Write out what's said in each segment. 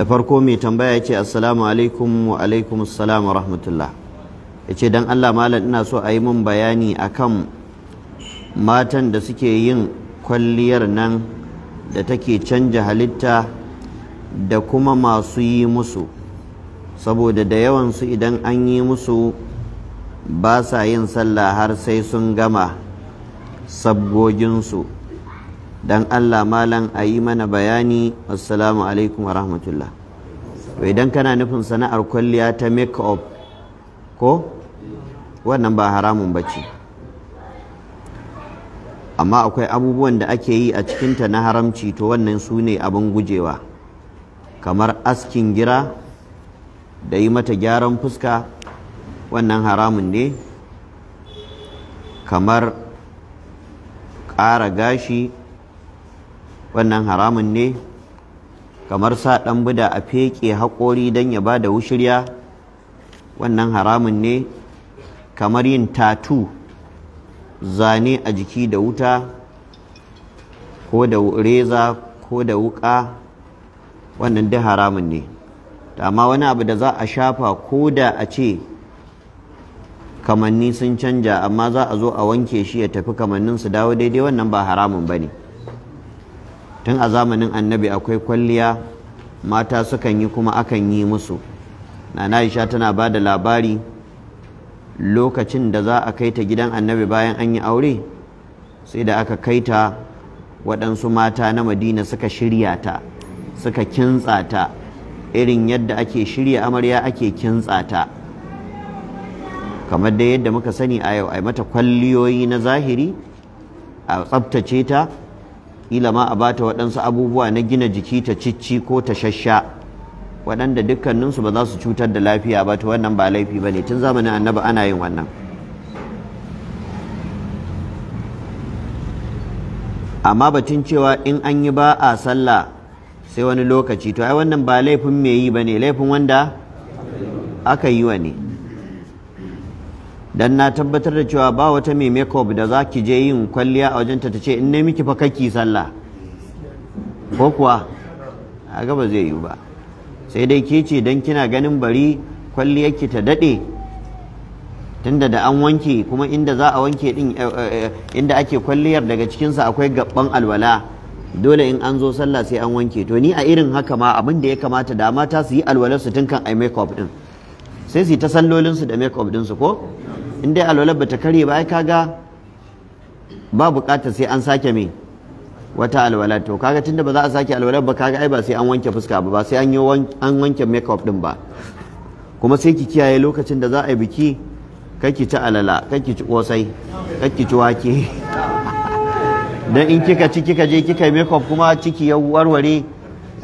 da farko mai tambaya ce assalamu alaikum wa alaikum assalam wa rahmatullah ya ce don Allah malam ina so a yi min bayani akan matan da suke yin kwalliyar nan da take canja halitta da kuma masu yi musu saboda da yawansu idan an yi musu ba sa yin sallah har sai sun gama sabgoginsu Don Allah malam a yi mana bayani assalamu alaikum wa rahmatullah idan kana nufin sana'ar kwalliya ta make up ko wannan ba haramun ba ce amma akwai abubuwan da ake yi a cikinta na haramci to wannan su ne abin gujewa kamar askin gira da yi mata gyaran fuska wannan haramun ne kamar ƙara gashi wannan haramun ne kamar sa ɗan buda a feƙe haƙori don ya ba da wushirya wannan haramun ne kamar yin tatu zane a jiki da wuta ko da reza ko da wuƙa wannan duk haramun ne amma wani abu da za a shafa ko da a ce kamanni sun canja amma za a zo a wanke shi ya tafi kamannin su dawo daidai wannan ba haramun ba ne tun a zamanin annabi akwai kwalliya mata sukan yi kuma akan yi musu nana aisha tana ba da labari lokacin da za a kai ta gidan annabi bayan an yi aure sai da aka kai ta waɗansu mata na madina suka shirya ta suka kintsa ta irin yadda ake shirya amarya ake kintsa ta kamar da yadda muka sani a yau ai mata kwalliyoyi na zahiri a tsabtace ta kila ma a bata waɗansu abubuwa na gina jiki ta cicci ko ta shasha waɗanda dukkaninsu ba za su cutar da lafiya ba ta wannan ba laifi ba ne tun zamanin annaba ana yin wannan amma batun cewa in an yi ba a sallah sai wani lokaci to ai wannan ba laifin mai yi ba ne laifin wanda aka yi wa ne dan na tabbatar da cewa ba wata mai makeup da za ki je yin kwalliya a wajenta ta ce in ne miki fa kaki sallah ko kuwa a gaba zai yi ba sai dai ke ce dan kina ganin bari kwalliyarki ta dade tunda da an wanke kuma inda za a wanke din eh, eh, eh, inda ake kwalliyar daga cikinsa akwai gabban alwala dole in an zo sallah sai an wanke to ni a irin haka ma abin da ya kamata da mata su yi alwalar su tun kan ai makeup din sai su yi ta sallolin su da makeup din su ko in dai alwalar bata karye ba ai kaga ba bukatar sai an sake me wata alwala to kaga tunda ba za a sake alwalar ba kaga ai ba sai an wanke fuska ba ba sai an yi an wanke makeup din ba kuma sai ki kiyaye lokacin da za a yi biki kaki ci alala kaki ci kosai kaki ci wake dan in kika ci kika je kika yi makeup kuma ciki ya warware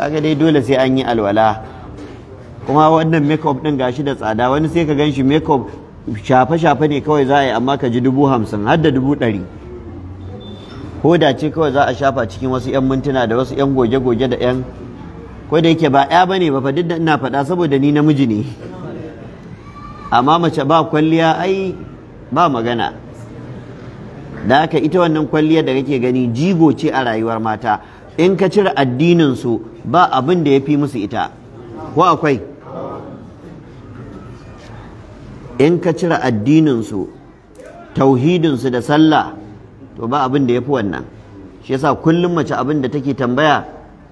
kaga dai dole sai an yi alwala kuma wannan makeup din gashi da tsada wani sai ka ganshi makeup shafe-shafe ne kawai za a yi amma ka ji dubu hamsin har da dubu ɗari hoda ce kawai za a shafa cikin wasu 'yan mintuna da wasu 'yan goge-goge da 'yan ko da yake ba 'ya ba ne ba fa duk da ina faɗa saboda ni namiji ne amma mace ba kwalliya ai ba magana da haka ita wannan kwalliya da kake gani jigo ce a rayuwar mata in ka cire addinin su ba abin da ya fi musu ita ko akwai in ka cire addininsu tauhidinsu da sallah to ba abin da ya fi wannan shi yasa kullum mace abin da take tambaya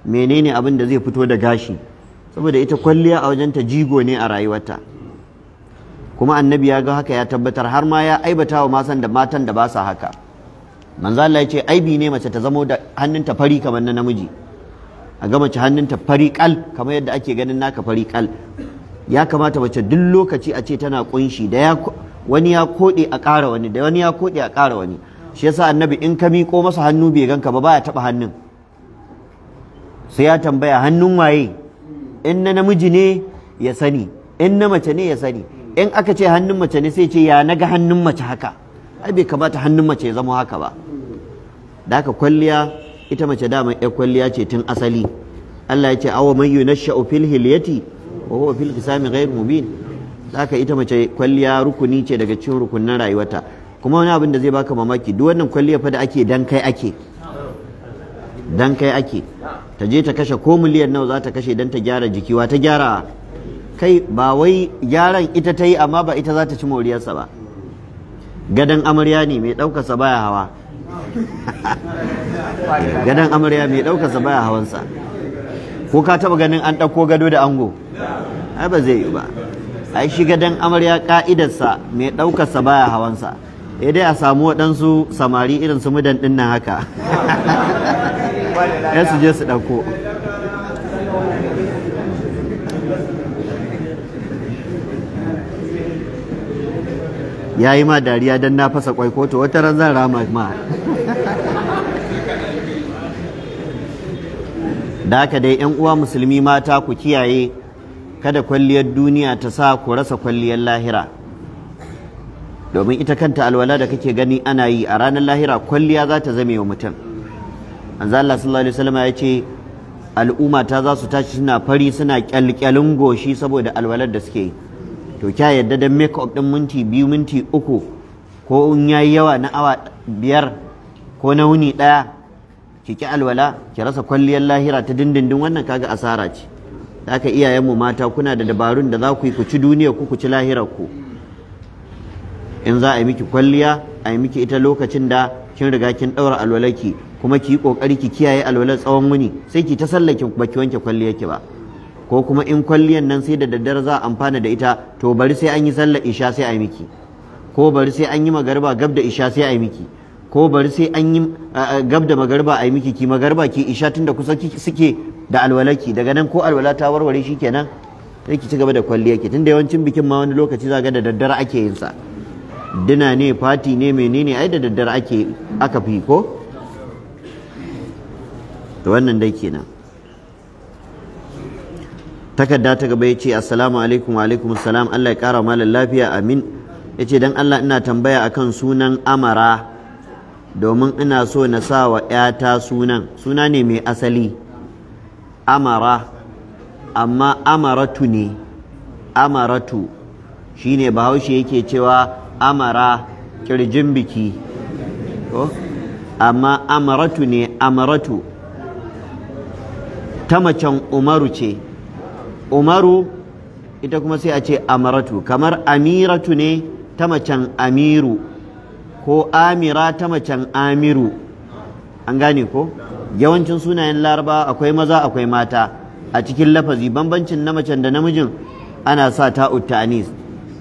menene abin da zai fito da gashi saboda ita kwalliya a wajen ta jigo ne a rayuwarta kuma annabi ya ga haka ya tabbatar har ma ya aibata wa masan da matan da ba sa haka manzo Allah ya ce aibi ne mace ta zamo da hannunta fari kamar na namiji a ga mace hannunta fari kal kamar yadda ake ganin naka fari kal ya kamata mace duk lokaci a ce tana kunshi da wani ya kode a ƙara wani da wani ya kode a ƙara wani shi yasa annabi in ka miƙo masa hannu bai ganka ba baya taɓa hannun sai ya tambaya hannun waye in na namiji ne ya sani in na mace ne ya sani in aka ce hannun mace ne sai ce ya naga hannun mace haka ai bai kamata hannun mace ya zama haka ba da haka kwalliya ita mace dama ya kwalliya ce tun asali Allah ya ce awa man yunashsha'u fil hilyati wa huwa fil qisami ghayr mubin haka ita mace kwaliya rukuni ce daga cikin rukunin rayuwarta kuma wani abin da zai baka mamaki duk wannan kwalliya fa da ake dan kai ake dan kai ake ta je ta kashe ko miliyan nawa za ta kashe dan ta gyara jiki wa ta gyara kai ba wai gyaran ita ta yi amma ba ita za ta ci moriyarsa ba gadan amarya ne mai ɗaukarsa baya hawa gadon amarya mai ɗaukarsa baya hawansa ko ka taba ganin an ɗauko gado da ango ai ba zai yi ba ai shi gadon amarya ka'idarsa mai ɗaukarsa baya hawansa ya dai a samu waɗansu samari irin su mudan ɗin nan haka ya su je su ɗauko ya yi ma dariya don na fasa kwai wata ran zan rama ma da haka dai yan uwa musulmi mata ku kiyaye kada kwalliyar duniya ta sa ku rasa kwalliyar lahira domin ita kanta alwala da kake gani ana yi a ranar lahira kwalliya za ta zame wa mutum manzo Allah sallallahu alaihi wasallam ya ce al'umma ta za su tashi suna fari suna kyalkyalin goshi saboda alwalar da suke yi to kya yadda da make up din minti biyu minti uku ko in yayi yawa na awa biyar ko na wuni daya ki ki alwala ki rasa kwalliyar lahira ta dindindin wannan kaga asara ce haka iyayenmu mata kuna da dabarun da za ku yi ku ci duniya ku ku ci lahirar ku in za a yi miki kwalliya a yi miki ita lokacin da kin riga kin daura alwalaki kuma ki yi kokari ki kiyaye alwalar tsawon wuni sai ki ta sallakin ba ki wanke kwalliyar ki ba ko kuma in kwalliyar nan sai da daddare za a amfana da ita to bari sai an yi sallar isha sai a yi miki ko bari sai an yi magariba gab da isha sai a yi miki ko bari sai an yi gab da magarba a yi miki ki magarba ki isha tun da kusa suke da alwalaki daga nan ko alwala ta warware shi kenan sai ki ci gaba da kwalliya ki tunda yawancin bikin ma wani lokaci za ga da daddare ake yin sa dina ne fati ne menene ai da daddare ake aka fi ko to wannan dai kenan takarda ta gaba ya ce assalamu alaikum wa alaikum assalam Allah ya kara malam lafiya amin ya ce don Allah ina tambaya akan sunan amara domin ina so na sa wa ‘yata sunan suna ne mai asali amara amma amaratu ne amaratu shi ne bahaushe yake cewa amara kirjin biki amma amaratu ne amaratu ta macen umaru ce umaru ita kuma sai a ce amaratu kamar amiratu ne ta macen amiru ko amira ta macen amiru an gane ko yawancin sunayen laraba akwai maza akwai mata a cikin lafazi bambancin na macen da namijin ana sa ta utanis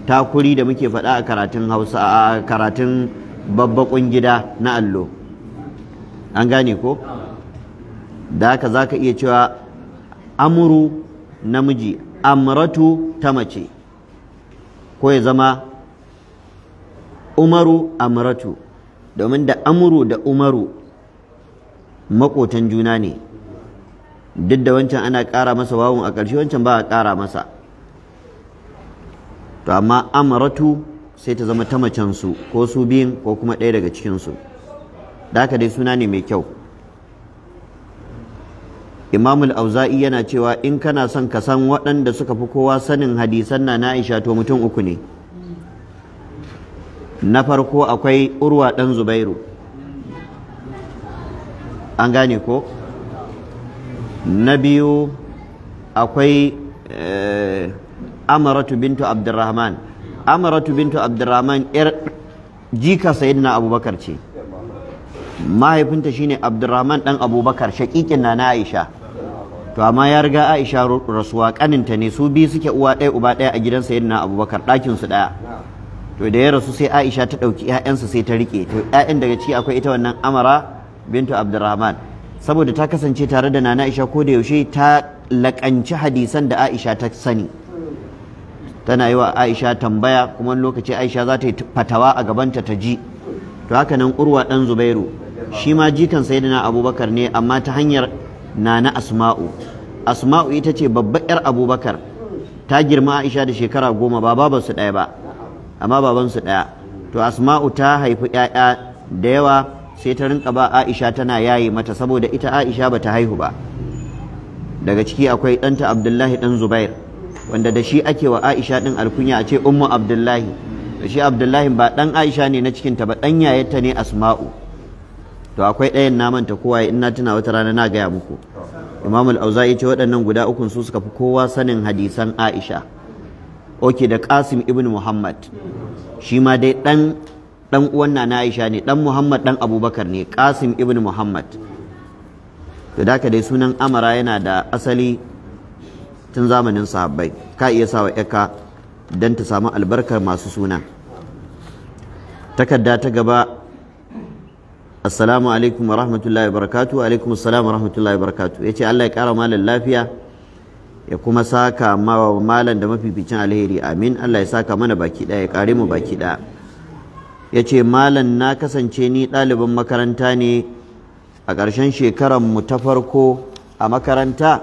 ta kuri da muke faɗa a karatun hausa a karatun gida na allo an gane ko da haka za ka iya cewa amuru namiji amratu ta mace ko ya zama umaru amratu domin da amuru da umaru makotan juna ne duk da wancan ana ƙara masa wawun a ƙarshe wancan ba a ƙara masa to amma amratu sai ta zama ta macen ko su biyun ko kuma ɗaya daga cikinsu. su da dai suna ne mai kyau imamul auza'i yana cewa in kana son ka san waɗanda suka fi kowa sanin hadisan na na aisha to mutum uku ne na farko akwai urwa ɗan zubairu an gane ko na biyu akwai eh, amaratu bintu abdurrahman amaratu bintu abdurrahman yar jika sayidina abubakar ce mahaifinta shine abdurrahman ɗan abubakar shakikin na na aisha to amma ya riga aisha rasuwa ƙaninta ne su biyu suke uwa ɗaya uba ɗaya a gidan sayidina abubakar ɗakin su ɗaya to da ya rasu sai Aisha ta ɗauki ‘ya'yansu sai ta rike to ‘ya'yan daga ciki akwai ita wannan Amara bintu Abdurrahman saboda ta kasance tare da Nana Aisha ko da yaushe ta lakanci hadisan da Aisha ta sani tana yi wa Aisha tambaya kuma lokaci Aisha za ta yi fatawa a gabanta ta ji to haka nan Urwa ɗan Zubairu shi ma jikan Sayyidina Abubakar ne amma ta hanyar Nana Asma'u Asma'u ita ce babbar 'yar Abubakar ta girma Aisha da shekara goma ba su ɗaya ba amma babansu ɗaya to asma'u ta haifi ƴaƴa da yawa sai ta rinka ba aisha tana yaye mata saboda ita aisha bata haihu ba daga ciki akwai ɗanta abdullahi ɗan zubair wanda da shi ake wa aisha ɗin alkunya a ce ummu abdullahi da shi abdullahi ba ɗan aisha ne na cikinta ba ɗan yayarta ne asma'u to akwai ɗayan namanta kowa in na tuna wata rana na gaya muku imamul auza ya ce waɗannan guda ukun su suka fi kowa sanin hadisan aisha oke da kasim ibn muhammad shi ma dai dan uwan na aisha ne dan muhammad dan abubakar ne kasim ibn muhammad to da dai sunan amara yana da asali tun zamanin sahabbai ka iya sawa yaka don ta samu albarkar masu suna takarda ta gaba assalamu alaikum wa rahmatullahi wa barakatu alaikum assalam wa rahmatullahi wa Ya ce Allah ya kara malam lafiya ya kuma saka wa malam da mafificin alheri amin Allah ya saka mana baki ɗaya ya kare mu baki ɗaya ya ce malam na kasance ni ɗaliban makaranta ne a ƙarshen shekaran mu ta farko a makaranta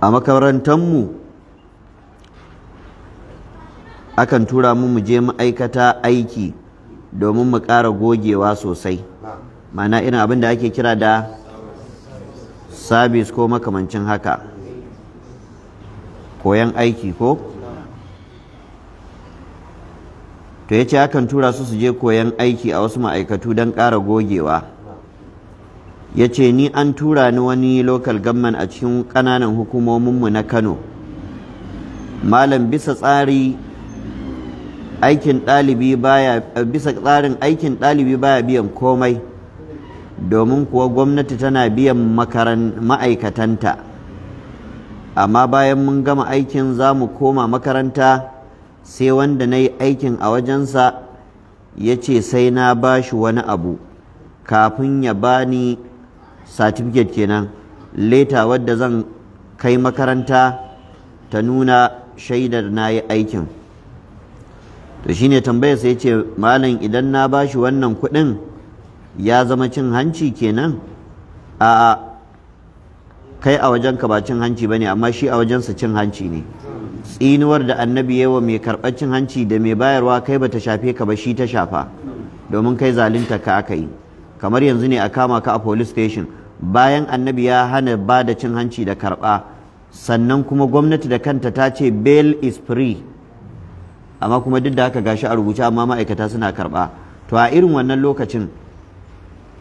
a makarantanmu akan tura mu mu je ma'aikata aiki domin mu ƙara gogewa sosai mana irin abin da ake kira da sabis ko makamancin haka koyan aiki ko to ya ce hakan tura su su je koyan aiki a wasu ma'aikatu don ƙara gogewa ya ce ni an tura ni wani local government a cikin ƙananan hukumominmu na kano malam bisa tsari aikin ɗalibi baya bisa tsarin aikin ɗalibi baya biyan komai domin kuwa gwamnati tana biyan ma'aikatanta amma bayan mun gama aikin za mu koma makaranta sai wanda na yi aikin a wajensa ya ce sai na ba shi wani abu kafin ya bani satifiket kenan leta wadda zan kai makaranta ta nuna shaidar na yi aikin to shine tambayarsa ya ce malam idan na ba shi wannan kuɗin ya zama cin hanci kenan a kai a wajenka ba cin hanci bane amma shi a wajensa cin hanci ne tsinuwar da annabi yawa mai karɓar cin hanci da mai bayarwa kai bata shafe ka ba shi ta shafa domin kai zalunta ka aka yi kamar yanzu ne a kama ka a police station bayan annabi ya hana ba da cin hanci da karɓa sannan kuma gwamnati da kanta ta ce bail is free amma kuma duk da haka gashi a rubuce amma ma'aikata suna karɓa to a irin wannan lokacin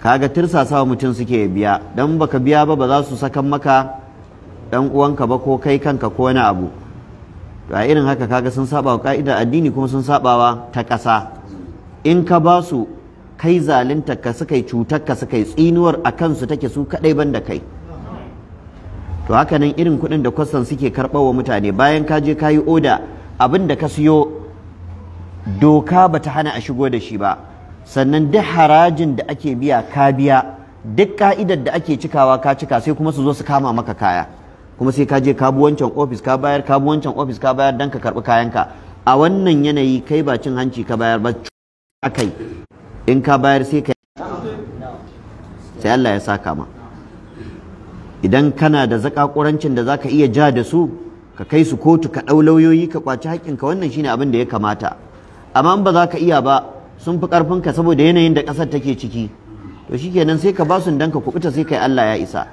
kaga sawa mutum suke biya dan baka biya ba ba za su sakan maka dan uwanka ba ko kai kanka ko wani abu to a irin haka kaga sun saba wa ka'idar addini kuma sun sabawa ta ƙasa in ka ba su kai zalunta ka suka yi cutar ka suka yi tsinuwar a kansu take su kadai banda kai to haka nan irin kuɗin da kwastan suke karɓar mutane bayan ka je ka yi oda abin da ka siyo doka bata hana a shigo da shi ba sannan duk harajin da ake biya ka biya duk ka'idar da ake cikawa ka cika sai kuma su zo su kama maka kaya kuma sai ka je ka bi wancan ofis ka bayar ka ofis ka bayar dan ka karbi kayanka a wannan yanayi kai ba cin hanci ka bayar ba akai in ka bayar sai ka sai Allah ya saka ma idan kana da zakakurancin da zaka iya ja da su ka kai su kotu ka ɗau lauyoyi ka kwaci haƙƙinka wannan shine abin da ya kamata amma in ba za ka iya ba sun fi ƙarfinka saboda yanayin da ƙasar take ciki to shi kenan sai ka ba su danka ka kubuta sai kai Allah ya isa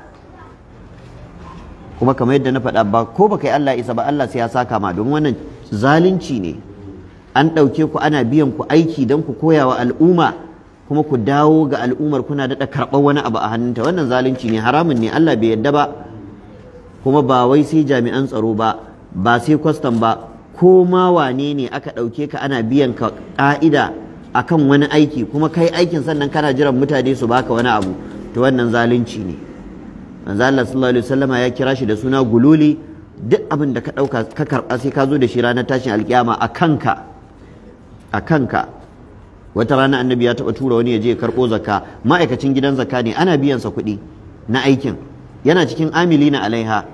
kuma kamar yadda na faɗa ba ko baka yi Allah isa ba Allah sai ya saka ma don wannan zalunci ne an ɗauke ku ana biyan ku aiki don ku koya wa al'umma kuma ku dawo ga al'ummar kuna daɗa karɓar wani abu a hannunta wannan zalunci ne haramun ne Allah bai yadda ba kuma ba wai sai jami'an tsaro ba ba sai kwastam ba ko ma wane ne aka ɗauke ka ana biyan ka ƙa'ida akan wani aiki kuma kai aikin sannan kana jiran mutane su baka wani abu to wannan zalunci ne manzo Allah sallallahu alaihi wasallama ya kira shi da suna gululi duk abin da ka dauka ka karba sai ka zo da shi ranar tashin alkiyama a kanka a kanka wata rana annabi ya taba tura wani ya je ya karbo zakka ma'aikacin gidan zakka ne ana biyan sa kuɗi na aikin yana cikin amilina alaiha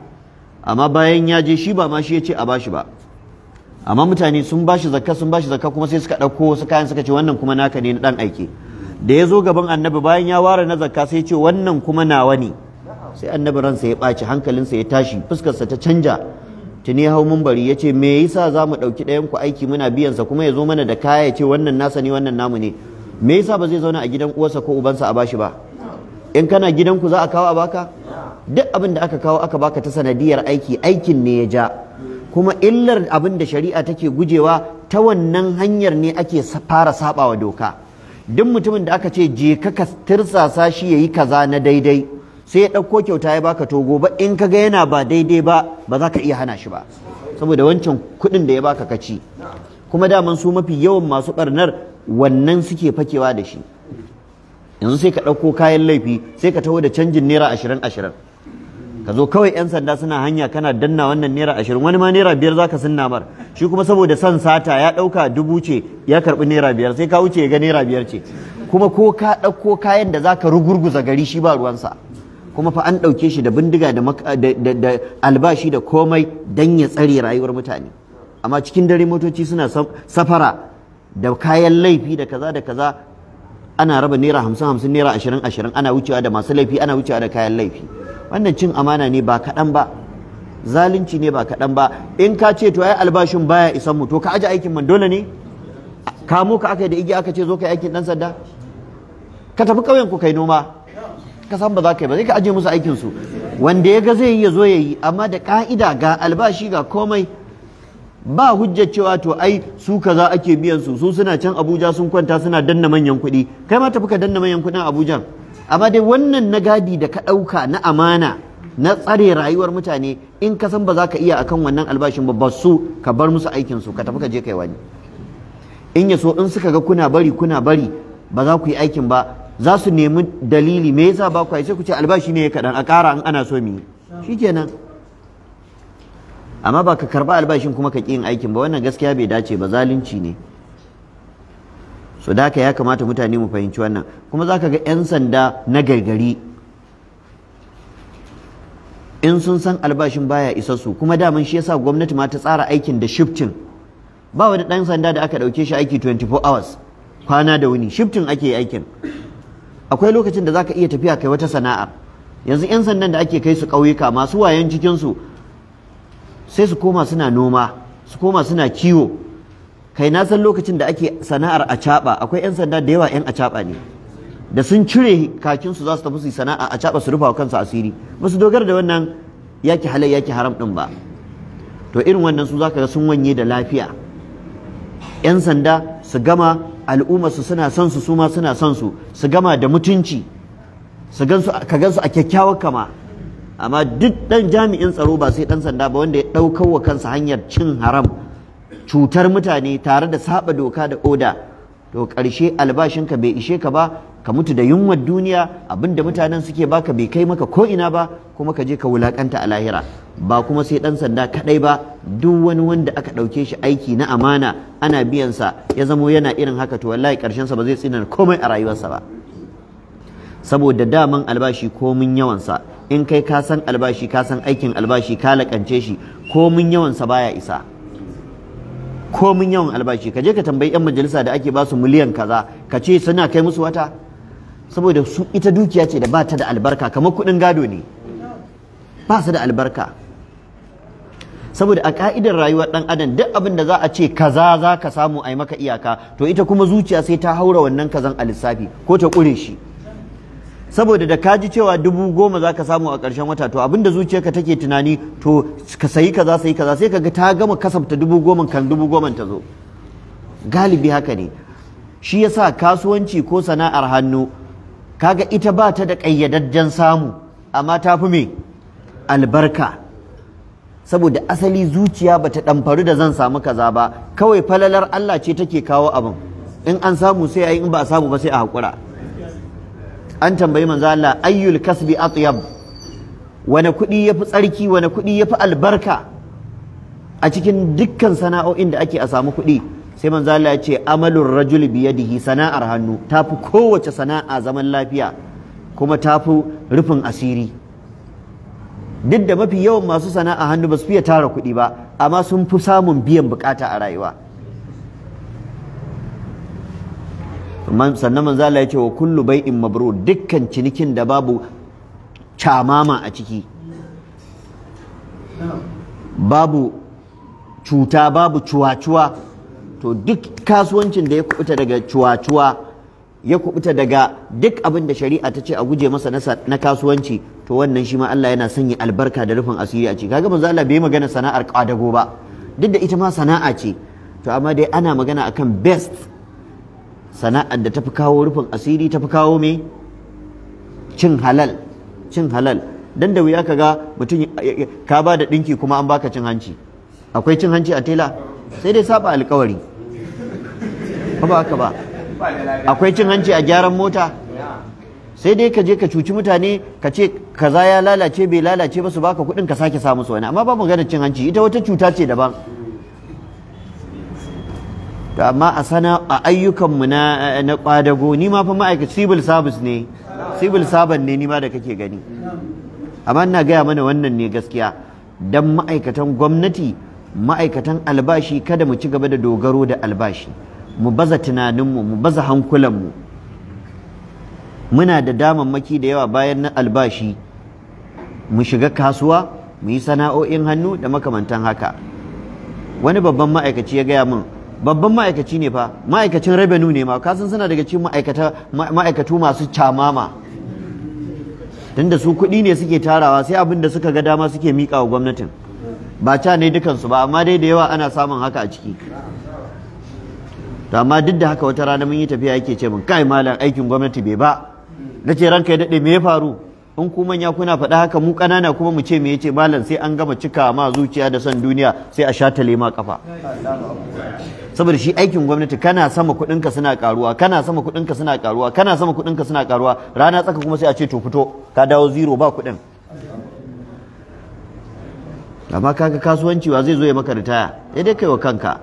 amma bayan ya je shi ba ma shi ya ce a bashi ba amma mutane sun bashi zakka sun bashi zakka kuma sai suka ɗauka wasu kayan suka ce wannan kuma naka ne na dan aiki da ya zo gaban annabi bayan ya ware na zakka sai ce wannan kuma nawa ne sai annabi ransa ya ɓaci hankalinsa ya tashi fuskarsa ta canja tuni hau mumbari ya ce me yasa za mu ɗauki ɗayan ku aiki muna biyan sa kuma ya zo mana da kaya ya ce wannan nasa ne wannan namu ne me yasa ba zai zauna a gidan uwarsa ko ubansa a bashi ba in kana gidan ku za a kawo a baka duk abin da aka kawo aka baka ta sanadiyar aiki aikin ne ya ja kuma illar abin da shari'a take gujewa ta wannan hanyar ne ake fara sabawa doka duk mutumin da aka ce je ka tirsasa shi yayi kaza na daidai sai ya ɗauko kyauta ya baka togo ba in ka ga yana ba daidai ba ba za ka iya hana shi ba saboda wancan kuɗin da ya baka kaci kuma daman su mafi yawan masu ɓarnar wannan suke fakewa da shi yanzu sai ka ɗauko kayan laifi sai ka taho da canjin naira ashirin ashirin ka zo kawai yan sanda suna hanya kana danna wannan naira ashirin wani ma naira biyar zaka sun mar shi kuma saboda son sata ya ɗauka dubu ce ya karɓi naira biyar sai ka wuce ya ga naira biyar ce kuma ko ka ɗauko kayan da za zaka rugurguza gari shi ba ruwansa kuma fa an ɗauke shi da bindiga da albashi da komai don ya tsare rayuwar mutane amma cikin dare motoci suna safara da kayan laifi da kaza da kaza ana raba naira hamsin hamsin naira ashirin ashirin ana wucewa da masu laifi ana wucewa da kayan laifi wannan cin amana ne ba kaɗan ba zalunci ne ba kaɗan ba in ka ce to ai albashin baya isan mu to ka aje aikin man dole ne mu ka aka da igi aka ce zo kai aikin ɗan sanda ka tafi ƙauyen ku kai noma ka san ba za ka yi ba zai ka aje musu aikin su wanda ya ga zai yi ya zo ya yi amma da ka'ida ga albashi ga komai ba hujjar cewa to ai su kaza ake biyan su su suna can Abuja sun kwanta suna danna manyan kuɗi kai ma tafi ka danna manyan kuɗin Abuja amma dai wannan na gadi da ka ɗauka na amana na tsare rayuwar mutane in ka san ba za ka iya akan wannan albashin ba ba su ka bar musu aikinsu su ka tafi ka je kai wani in ya so in suka ga kuna bari kuna bari ba za ku yi aikin ba za su nemi dalili me yasa ba ku yi sai ku ce albashi ne kaɗan a ƙara in ana so mu yi shikenan amma ba ka karɓa albashin kuma ka ƙi yin aikin ba wannan gaskiya bai dace ba zalunci ne so da haka ya kamata mutane mu fahimci wannan kuma za ka ga 'yan sanda na gargari in sun san albashin baya isa su kuma daman shi yasa gwamnati ma ta tsara aikin da shifting ba wani dan sanda da aka dauke shi aiki 24 hours kwana da wuni shifting ake aikin akwai lokacin da zaka iya tafiya kai wata sana'a yanzu 'yan sandan da ake kai su kauyuka masu wayan cikinsu sai su koma suna noma su koma suna kiwo kai na san lokacin da ake sana'ar caba akwai 'yan sanda da yawa 'yan acaba ne da sun cire kakinsu za su tafi su sana'a caba su rufa kansu asiri ba su dogara da wannan yaki halai yaki haram din ba to irin wannan su zaka ga sun wanye da lafiya 'yan sanda su gama al'umma su suna son su suma suna son su su gama da mutunci su gansu ka gansu a kyakkyawar kama amma duk dan jami'in tsaro ba sai dan sanda ba wanda ya ɗaukar wa kansa hanyar cin haram cutar mutane tare da saba doka da oda to ƙarshe ka bai ishe ka ba ka mutu da yunwar duniya abinda mutanen suke baka bai kai maka ko ina ba kuma ka je ka wulakanta a lahira ba kuma sai ɗan sanda kaɗai ba duk wani wanda aka ɗauke shi aiki na amana ana biyansa ya zamo yana irin haka to wallahi ƙarshensa ba zai tsinan komai a rayuwarsa ba saboda daman albashi komin yawansa in kai ka san albashi ka san aikin albashi ka laƙance shi komin yawansa baya isa komin yawan albashi ka je ka tambayi yan majalisa da ake ba su miliyan kaza ka ce suna kai musu wata saboda su ita dukiya ce da ba ta da albarka kamar kuɗin gado ne ba su da albarka saboda a ka'idar rayuwar ɗan adam duk abin da za a ce kaza za ka samu a yi maka iyaka to ita kuma zuciya sai ta haura wannan kazan a lissafi ko ta kure shi saboda da kaji cewa dubu goma za ka samu a ƙarshen wata to abinda zuciyarka take tunani to ka sayi kaza sayi kaza sai ka ga ta gama kasafta dubu goma kan dubu goma ta zo galibi haka ne shi yasa kasuwanci ko sana'ar hannu kaga ita ba ta da ƙayyadajjen samu amma ta fi me albarka saboda asali zuciya ba ta ɗamfaru da zan samu kaza ba kawai falalar Allah ce take kawo abin in an samu sai a yi in ba a samu ba sai a haƙura an tambayi manzo Allah ayyul kasbi atyab wani kuɗi yafi tsarki wani kuɗi yafi albarka a cikin dukkan sana'o'in da ake a samu kuɗi sai manzo Allah ya ce amalur rajul biyadihi sana'ar hannu tafi kowace sana'a zaman lafiya kuma tafi rufin asiri duk da mafi yawan masu sana'a hannu ba su fiye tara kuɗi ba amma sun fi samun biyan bukata a rayuwa sannan manzo Allah ya ce wa kullu bai'in mabrur dukkan cinikin da babu camama a ciki babu cuta babu cuwa-cuwa to duk kasuwancin da ya kubuta daga cuwa-cuwa ya kubuta daga duk abin da shari'a ta ce a guje masa na kasuwanci to wannan shi ma Allah yana sanya albarka da rufin asiri a ciki kaga manzo Allah bai magana sana'ar kwadago ba duk da ita ma sana'a ce to amma dai ana magana akan best sana'ar da tafi kawo rufin asiri tafi kawo me cin halal cin halal dan da wuya kaga mutum ka ba da dinki kuma an baka cin hanci akwai cin hanci a tela sai dai saba alkawari ba ba ka ba akwai cin hanci a gyaran mota sai dai ka je ka cuci mutane ka ce kaza ya lalace bai lalace ba su baka kudin ka sake samu su wani amma ba magana cin hanci ita wata cuta ce daban to amma a sana a ayyukanmu na na kwadago ni ma fa ma'aikaci civil service ne civil servant ne ni ma da kake gani amma ina gaya mana wannan ne gaskiya dan ma'aikatan gwamnati ma'aikatan albashi kada mu ci gaba da dogaro da albashi mu baza tunaninmu mu baza hankulanmu muna da damammaki da yawa bayan na albashi mu shiga kasuwa mu yi sana'o'in hannu da makamantan haka wani babban ma'aikaci ya gaya mun babban ma'aikaci ne fa ma'aikacin revenue ne ma kasan suna daga cikin ma'aikatu masu camama tunda su kuɗi ne suke tarawa sai abin da suka ga dama suke miƙa wa gwamnatin ba ca ne dukansu ba amma dai da yawa ana samun haka a ciki to amma duk da haka wata rana mun yi tafiya yake ce min kai malam aikin gwamnati bai ba na nace ranka ya daɗe me ya faru in ku manya kuna faɗa haka mu ƙanana kuma mu ce me yace malam sai an gama cika ma zuciya da son duniya sai a shatale ma kafa saboda shi aikin gwamnati kana sama kuɗinka suna karuwa kana sama kuɗinka suna karuwa kana sama kuɗinka suna karuwa rana tsaka kuma sai a ce to fito ka dawo zero ba kuɗin amma kaga kasuwanci wa zai zo ya maka ritaya sai dai kai wa kanka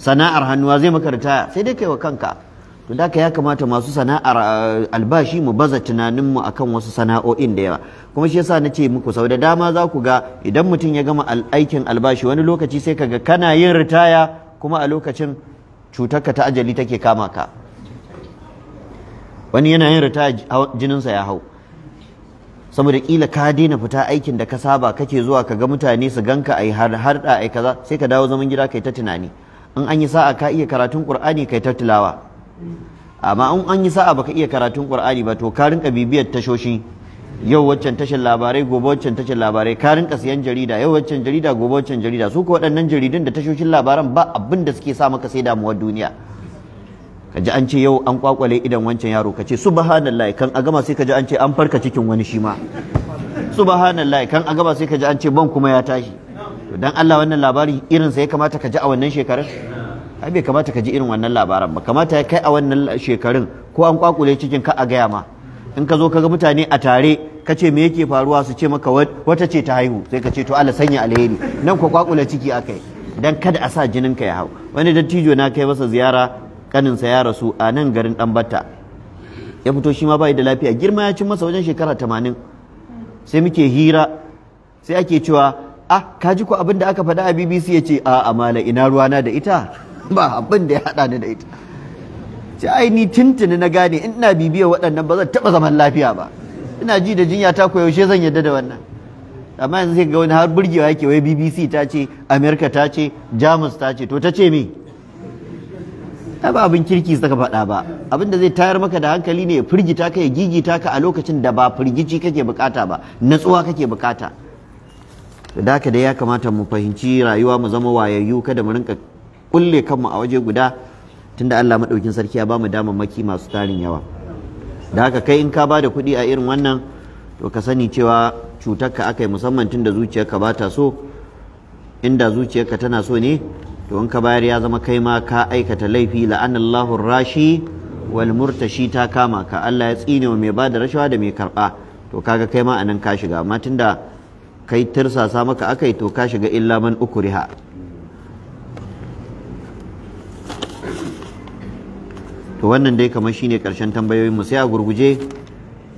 sana'ar hannuwa zai maka ritaya sai dai kai wa kanka to da ya kamata masu sana'ar eh, albashi mu baza tunaninmu akan wasu sana'o'in da yawa kuma shi yasa nace muku sau da dama za ku ga idan mutum ya gama aikin albashi wani lokaci sai kaga kana yin ritaya kuma a lokacin cutarka ta ajali take kama ka wani yana yin ritaya jininsa ya hau saboda kila ka daina fita aikin da ka saba kake zuwa ka ga mutane su ganka ai da ai kaza sai ka dawo zaman gida kai ta tunani in an yi sa'a ka iya karatun qur'ani kai ta tilawa amma in an yi sa'a baka iya karatun qur'ani ba to ka rinka bibiyar tashoshi yau waccan tashin labarai gobe waccan tashin labarai ka rinka siyan jarida yau waccan jarida gobe waccan jarida su ko waɗannan jaridun da tashoshin labaran ba abin da suke sa maka sai damuwar duniya ka ji an ce yau an kwakwale idan wancan yaro ka ce subhanallahi kan a gama sai ka ji an ce an farka cikin wani shi ma subhanallahi kan a gama sai ka ji an ce ban kuma ya tashi to dan Allah wannan labari irin sa ya kamata ka ji a wannan shekarar ai bai kamata ka ji irin wannan labaran ba kamata ya kai a wannan shekarun ko an kwakule cikin ka a gaya ma in ka zo ka ga mutane a tare ka ce me yake faruwa su ce maka wata ce ta haihu sai ka ce to Allah sanya alheri nan ko kwakule ciki akai dan kada a sa jinin ka ya hau wani dattijo na kai masa ziyara kaninsa ya rasu a nan garin dan batta ya fito shi ma bai da lafiya girma ya ci masa wajen shekara 80 sai muke hira sai ake cewa ah ka ji ko abin da aka faɗa a BBC ya ce a amala ina ruwana da ita ba abin da ya hada ni da ita ce ai ni tintini na gane ina bibiya waɗannan ba zan taɓa zaman lafiya ba ina ji da jinya ta koyaushe zan yadda da wannan amma yanzu sai ga wani har burgewa yake wai BBC ta ce Amerika ta ce Jamus ta ce to ta ce me ta ba abin kirki suka faɗa ba abin da zai tayar maka da hankali ne ya firgita ka ya gigita ka a lokacin da ba firgici kake bukata ba natsuwa kake bukata da haka dai ya kamata mu fahimci rayuwa mu zama wayayyu kada mu rinka kulle kanmu a waje guda tunda Allah madaukin sarki ya bamu maki masu tarin yawa da haka kai in ka bada kuɗi a irin wannan to ka sani cewa cutarka aka yi musamman tunda zuciyarka ba ta so inda zuciyarka tana so ne to in ka bayar ya zama kai ma ka aikata laifi la'anallahu rashi wal murtashi ta kama ka Allah ya tsine wa mai bada rashawa da mai karba to kaga kai ma anan ka shiga amma tunda kai tirsasa maka akai to ka shiga illa man ukriha to wannan dai kamar shine karshen tambayoyin mu sai a gurguje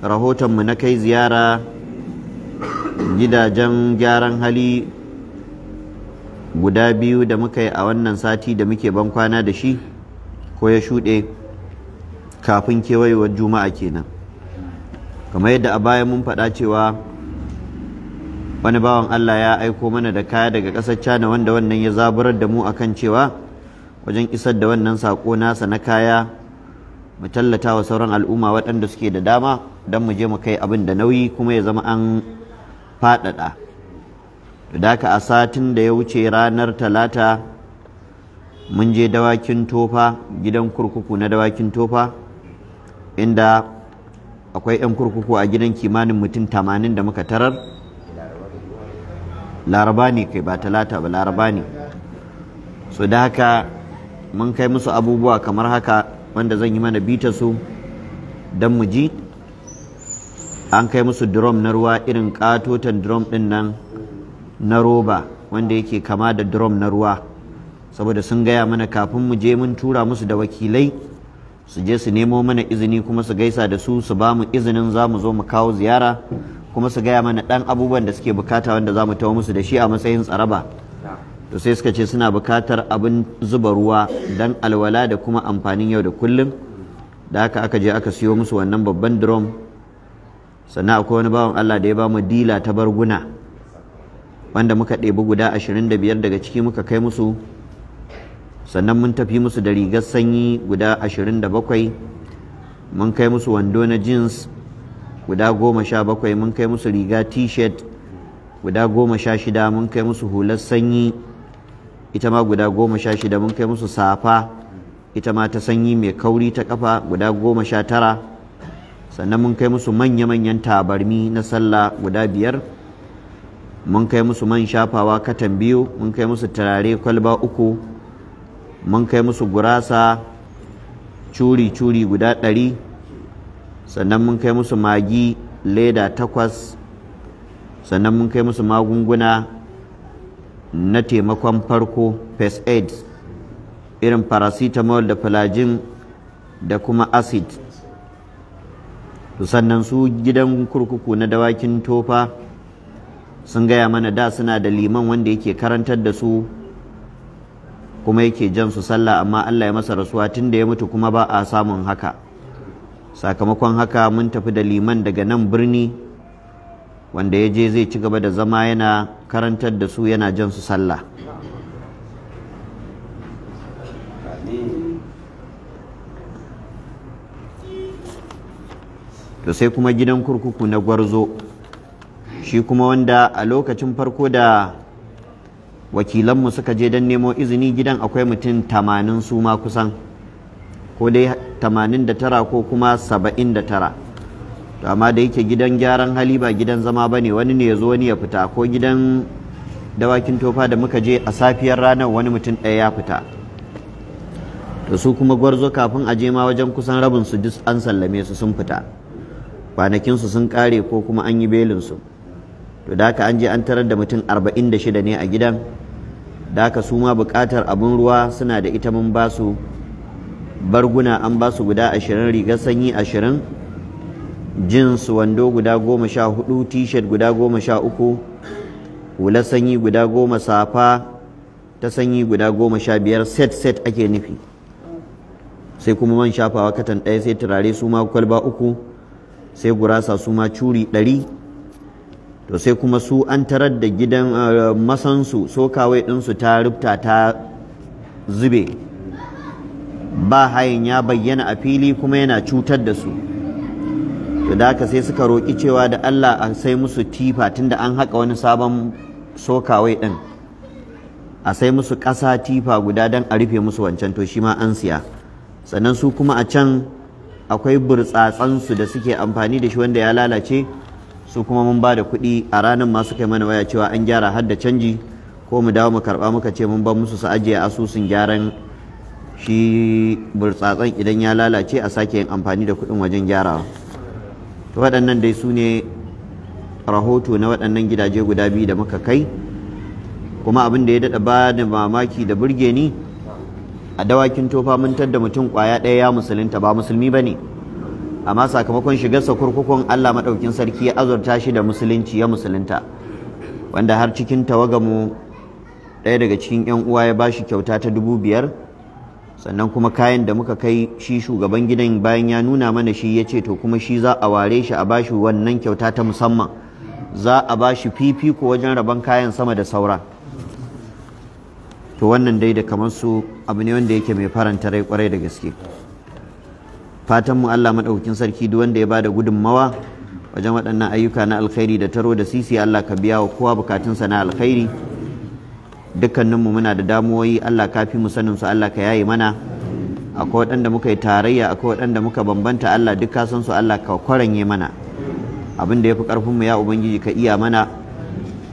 rahoton mu na kai ziyara gidajen gyaran hali guda biyu da muka yi a wannan sati da muke ban kwana da shi ko ya shuɗe kafin kewayewar juma'a kenan kamar yadda a baya mun faɗa cewa wani bawan Allah ya aiko mana da kaya daga ƙasar cana wanda wannan ya zaburar da mu akan cewa wajen isar da wannan saƙo nasa na kaya mu tallata wa sauran al'umma waɗanda suke da dama don mu je mu kai abin da nauyi kuma ya zama an faɗaɗa da daka a satin da ya wuce ranar talata mun je dawakin tofa gidan kurkuku na dawakin tofa inda akwai 'yan kurkuku a gidan kimanin mutum tamanin da muka tarar laraba ne kai ba talata ba laraba ne so da haka mun kai musu abubuwa kamar haka wanda zan yi mana bita su don mu ji an kai musu drum na ruwa irin katotan drum din nan na roba wanda yake kama da drum na ruwa saboda sun gaya mana kafin mu je mun tura musu da wakilai su je su nemo mana izini kuma su gaisa da su su ba mu izinin za mu zo mu kawo ziyara kuma su gaya mana ɗan abubuwan da suke bukata wanda za mu tawo musu da shi a matsayin tsaraba to sai suka ce suna bukatar abin zuba ruwa don alwala da kuma amfanin yau da kullum da haka aka je aka siyo musu wannan babban drum sannan akwai wani bawan Allah da ya ba mu dila ta barguna wanda muka ɗebi guda 25 daga ciki muka kai musu sannan mun tafi musu da rigar sanyi guda 27 mun kai musu wando na jeans guda 17 mun kai musu riga t-shirt guda 16 mun kai musu hular sanyi ita ma guda goma sha shida mun kai musu safa ita ma ta sanyi mai kauri ta kafa guda goma sha tara sannan mun kai musu manya-manyan tabarmi na sallah guda biyar mun kai musu man shafawa katan biyu mun kai musu turare kwalba uku mun kai musu gurasa curi-curi guda ɗari sannan mun kai musu magi leda takwas sannan mun kai musu magunguna na taimakon farko first aid irin paracetamol da filajin da kuma acid sannan su gidan kurkuku na dawakin tofa sun gaya mana da suna da liman wanda yake karantar da su kuma yake jan su sallah amma Allah ya masa rasuwa tun da ya mutu kuma ba a samun haka sakamakon haka mun tafi da liman daga nan birni wanda ya je zai ci gaba da zama yana karantar da su yana jan su sallah to sai kuma gidan kurkuku na gwarzo shi kuma wanda a lokacin farko da wakilanmu suka je don nemo izini gidan akwai mutum tamanin suma kusan ko dai tamanin da tara ko kuma saba'in da tara to amma da yake gidan gyaran hali ba gidan zama bane wani ne ya zo wani ya fita ko gidan dawakin tofa da muka je a safiyar ranar wani mutum ɗaya ya fita to su kuma gwarzo kafin a je ma wajen kusan rabin su duk an sallame su sun fita kwanakin su sun kare ko kuma an yi belin su to da ka an je an tarar da mutum 46 ne a gidan da ka su ma bukatar abun ruwa suna da ita mun basu barguna an basu guda 20 rigar sanyi 20 jins wando guda goma sha hudu t-shirt guda goma sha uku hular sanyi guda goma safa ta sanyi guda goma sha biyar set set ake nufi sai kuma man shafawa katan ɗaya sai turare su ma kwalba uku sai gurasa su ma curi ɗari to sai kuma su an tarar da gidan ah, masansu sokawai ɗinsu ta rubta ta zube ba hayan ya bayyana a fili kuma yana cutar da su to da haka sai suka roƙi cewa da Allah a sai musu tifa tunda an haƙa wani sabon sokawai ɗin a sai musu ƙasa tifa guda don a rufe musu wancan to shi ma an siya sannan su kuma a can akwai burtsatsansu da suke amfani da shi wanda ya lalace su kuma mun ba da kuɗi a ranar masu kai mana waya cewa an gyara har da canji ko mu dawo mu karɓa muka ce mun ba musu su ajiye asusun gyaran shi burtsatsan idan ya lalace a sake yin amfani da kuɗin wajen gyarawa waɗannan dai su ne rahoto na waɗannan gidaje guda biyu da muka kai kuma abin da ya daɗa ba da mamaki da burge ni a dawakin tofa mun da mutum ƙwaya ɗaya ya musulunta ba musulmi ba ne amma sakamakon shigarsa kurkukun Allah maɗaukin sarki ya azurta shi da musulunci ya musulunta wanda har cikin tawagamu ɗaya daga cikin 'yan uwa ya ba shi kyauta ta dubu biyar sannan kuma kayan da muka kai shi shugaban gidan bayan ya nuna mana shi ya ce to kuma shi za a ware shi a bashi wannan kyauta ta musamman za a bashi fifiko wajen rabon kayan sama da saura to wannan dai da kamar su abu ne wanda yake mai faranta rai kwarai da gaske fatan mu Allah madaukakin sarki duk wanda ya bada gudunmawa wajen waɗannan ayyuka na alkhairi da taro da sisi Allah ka biya wa kowa bukatunsa na alkhairi dukkaninmu muna da damuwoyi Allah ka fi mu sanin su Allah ka yayi mana akwai waɗanda muka yi tarayya akwai waɗanda muka bambanta Allah duk ka san su Allah ka kwaranye mana abin da ya fi mu ya ubangiji ka iya mana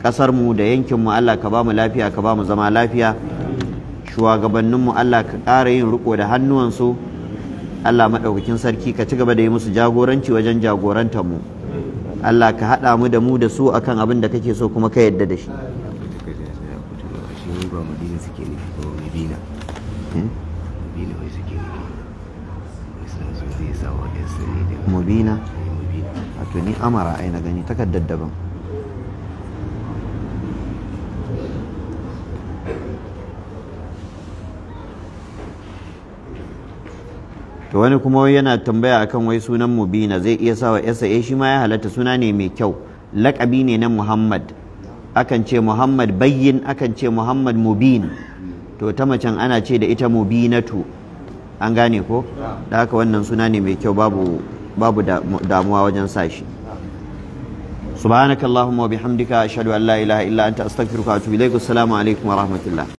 kasar mu da yankin mu Allah ka ba mu lafiya ka ba mu zama lafiya shugabannin mu Allah ka ƙara yin riko da hannuwansu Allah madaukakin sarki ka ci gaba da yi musu jagoranci wajen jagorantar mu Allah ka haɗa mu da mu da su akan abin da kake so kuma ka yadda da shi mubina wato ni amara ai na gani takardar daban to wani kuma yana tambaya akan wai sunan mubina zai iya sawa yasa eh shi ma ya halatta suna ne mai kyau lakabi ne na muhammad akan ce muhammad bayyin akan ce muhammad mubin to ta macen ana ce da ita mubinatu an gane ko da haka wannan suna ne mai kyau babu babu damuwa wajen sa shi subhanakallahumma wa bihamdika ashhadu an la ilaha illa anta astaghfiruka wa atubu ilaik assalamu alaikum wa rahmatullah